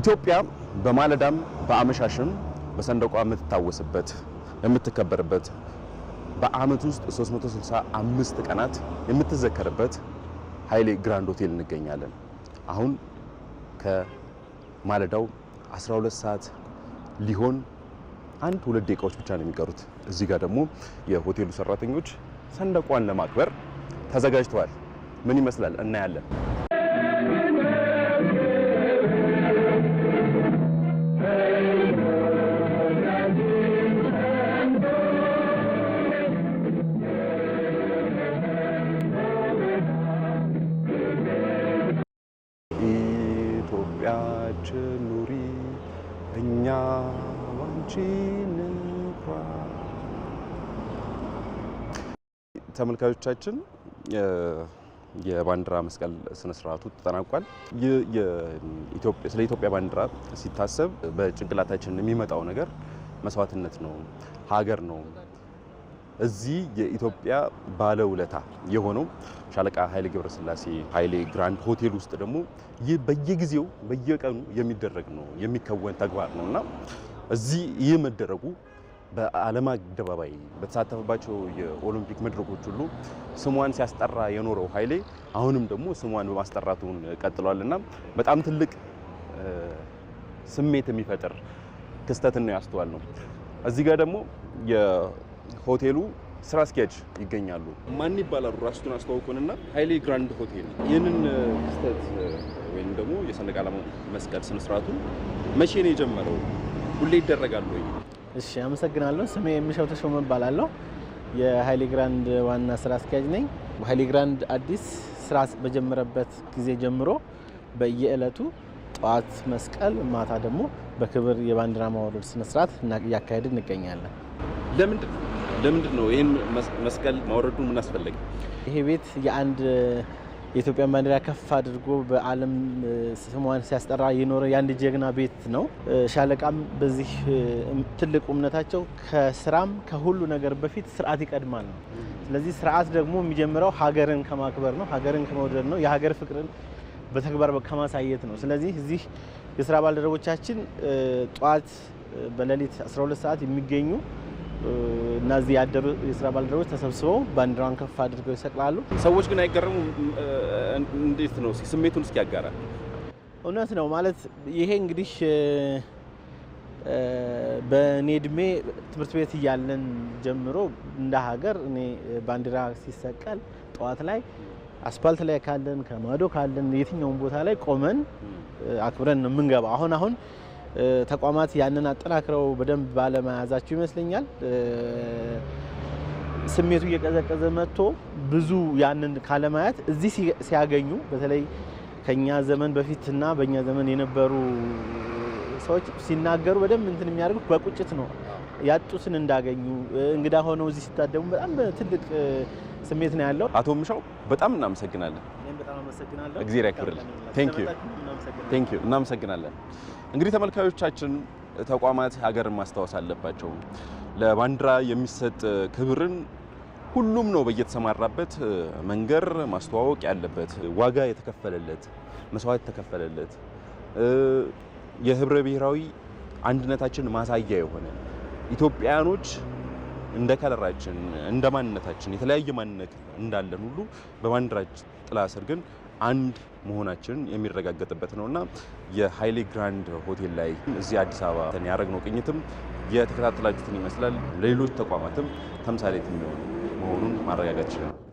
ኢትዮጵያ በማለዳም በአመሻሽም በሰንደቋ የምትታወስበት የምትከበርበት በአመት ውስጥ 365 ቀናት የምትዘከርበት ኃይሌ ግራንድ ሆቴል እንገኛለን። አሁን ከማለዳው 12 ሰዓት ሊሆን አንድ ሁለት ደቂቃዎች ብቻ ነው የሚቀሩት። እዚህ ጋር ደግሞ የሆቴሉ ሰራተኞች ሰንደቋን ለማክበር ተዘጋጅተዋል። ምን ይመስላል እናያለን። ኢትዮጵያች ኑሪ፣ እኛ ዋንቺ ንኳ። ተመልካቾቻችን የባንዲራ መስቀል ስነስርዓቱ ተጠናቋል። ስለ ኢትዮጵያ ባንዲራ ሲታሰብ በጭንቅላታችን የሚመጣው ነገር መስዋዕትነት ነው፣ ሀገር ነው እዚህ የኢትዮጵያ ባለውለታ የሆነው ሻለቃ ኃይሌ ገብረስላሴ ኃይሌ ግራንድ ሆቴል ውስጥ ደግሞ ይህ በየጊዜው በየቀኑ የሚደረግ ነው የሚከወን ተግባር ነው እና እዚህ ይህ መደረጉ በዓለም አደባባይ በተሳተፈባቸው የኦሎምፒክ መድረኮች ሁሉ ስሟን ሲያስጠራ የኖረው ኃይሌ አሁንም ደግሞ ስሟን በማስጠራቱን ቀጥሏል እና በጣም ትልቅ ስሜት የሚፈጥር ክስተትን ነው ያስተዋል ነው። እዚህ ጋር ደግሞ ሆቴሉ ስራ አስኪያጅ ይገኛሉ። ማን ይባላሉ? ራስቱን አስተዋውቁንና። ሀይሌ ግራንድ ሆቴል ይህንን ክስተት ወይም ደግሞ የሰንደቅ ዓላማ መስቀል ስነስርዓቱ መቼ ነው የጀመረው? ሁሌ ይደረጋሉ ወይ? እሺ፣ አመሰግናለሁ። ስሜ የሚሻው ተሾመ እባላለሁ። የሀይሌ ግራንድ ዋና ስራ አስኪያጅ ነኝ። ሀይሌ ግራንድ አዲስ ስራ በጀመረበት ጊዜ ጀምሮ በየዕለቱ ጠዋት መስቀል፣ ማታ ደግሞ በክብር የባንዲራ ማውረድ ስነስርዓት እያካሄድ እንገኛለን። ለምንድን ለምንድን ነው ይህን መስቀል ማውረዱ ምን አስፈለገ? ይሄ ቤት የአንድ የኢትዮጵያን ባንዲራ ከፍ አድርጎ በዓለም ስሟን ሲያስጠራ የኖረ የአንድ ጀግና ቤት ነው። ሻለቃም በዚህ ትልቁ እምነታቸው ከስራም ከሁሉ ነገር በፊት ስርዓት ይቀድማል ነው። ስለዚህ ስርዓት ደግሞ የሚጀምረው ሀገርን ከማክበር ነው፣ ሀገርን ከመውደድ ነው፣ የሀገር ፍቅርን በተግባር ከማሳየት ነው። ስለዚህ እዚህ የስራ ባልደረቦቻችን ጠዋት በሌሊት 12 ሰዓት የሚገኙ እነዚህ ያደሩ የስራ ባልደረቦች ተሰብስበው ባንዲራውን ከፍ አድርገው ይሰቅላሉ። ሰዎች ግን አይገረሙ? እንዴት ነው ስሜቱን እስኪ ያጋራል። እውነት ነው ማለት ይሄ እንግዲህ በእኔ እድሜ ትምህርት ቤት እያለን ጀምሮ እንደ ሀገር እኔ ባንዲራ ሲሰቀል ጠዋት ላይ አስፓልት ላይ ካለን ከማዶ ካለን የትኛውን ቦታ ላይ ቆመን አክብረን ነው የምንገባ። አሁን አሁን ተቋማት ያንን አጠናክረው በደንብ ባለመያዛቸው ይመስለኛል ስሜቱ እየቀዘቀዘ መጥቶ ብዙ ያንን ካለማየት እዚህ ሲያገኙ በተለይ ከኛ ዘመን በፊትና በእኛ ዘመን የነበሩ ሰዎች ሲናገሩ በደንብ እንትን የሚያደርጉት በቁጭት ነው። ያጡትን እንዳገኙ እንግዳ ሆነው እዚህ ሲታደሙ በጣም ትልቅ ስሜት ነው ያለው። አቶ ምሻው በጣም እናመሰግናለን። እግዚአብሔር ያክብርልን። ቴንክ ዩ እናመሰግናለን። እንግዲህ ተመልካዮቻችን ተቋማት ሀገርን ማስታወስ አለባቸው። ለባንዲራ የሚሰጥ ክብርን ሁሉም ነው በየተሰማራበት መንገር ማስተዋወቅ ያለበት። ዋጋ የተከፈለለት መስዋዕት የተከፈለለት የህብረ ብሔራዊ አንድነታችን ማሳያ የሆነ ኢትዮጵያኖች እንደ ከለራችን እንደ ማንነታችን የተለያየ ማንነት እንዳለን ሁሉ በባንዲራችን ጥላ ስር ግን አንድ መሆናችንን የሚረጋገጥበት ነውና የሀይሌ ግራንድ ሆቴል ላይ እዚህ አዲስ አበባ ያደረግነው ቅኝትም የተከታተላችሁትን ይመስላል። ለሌሎች ተቋማትም ተምሳሌት የሚሆኑ መሆኑን ማረጋገጥ ችለናል።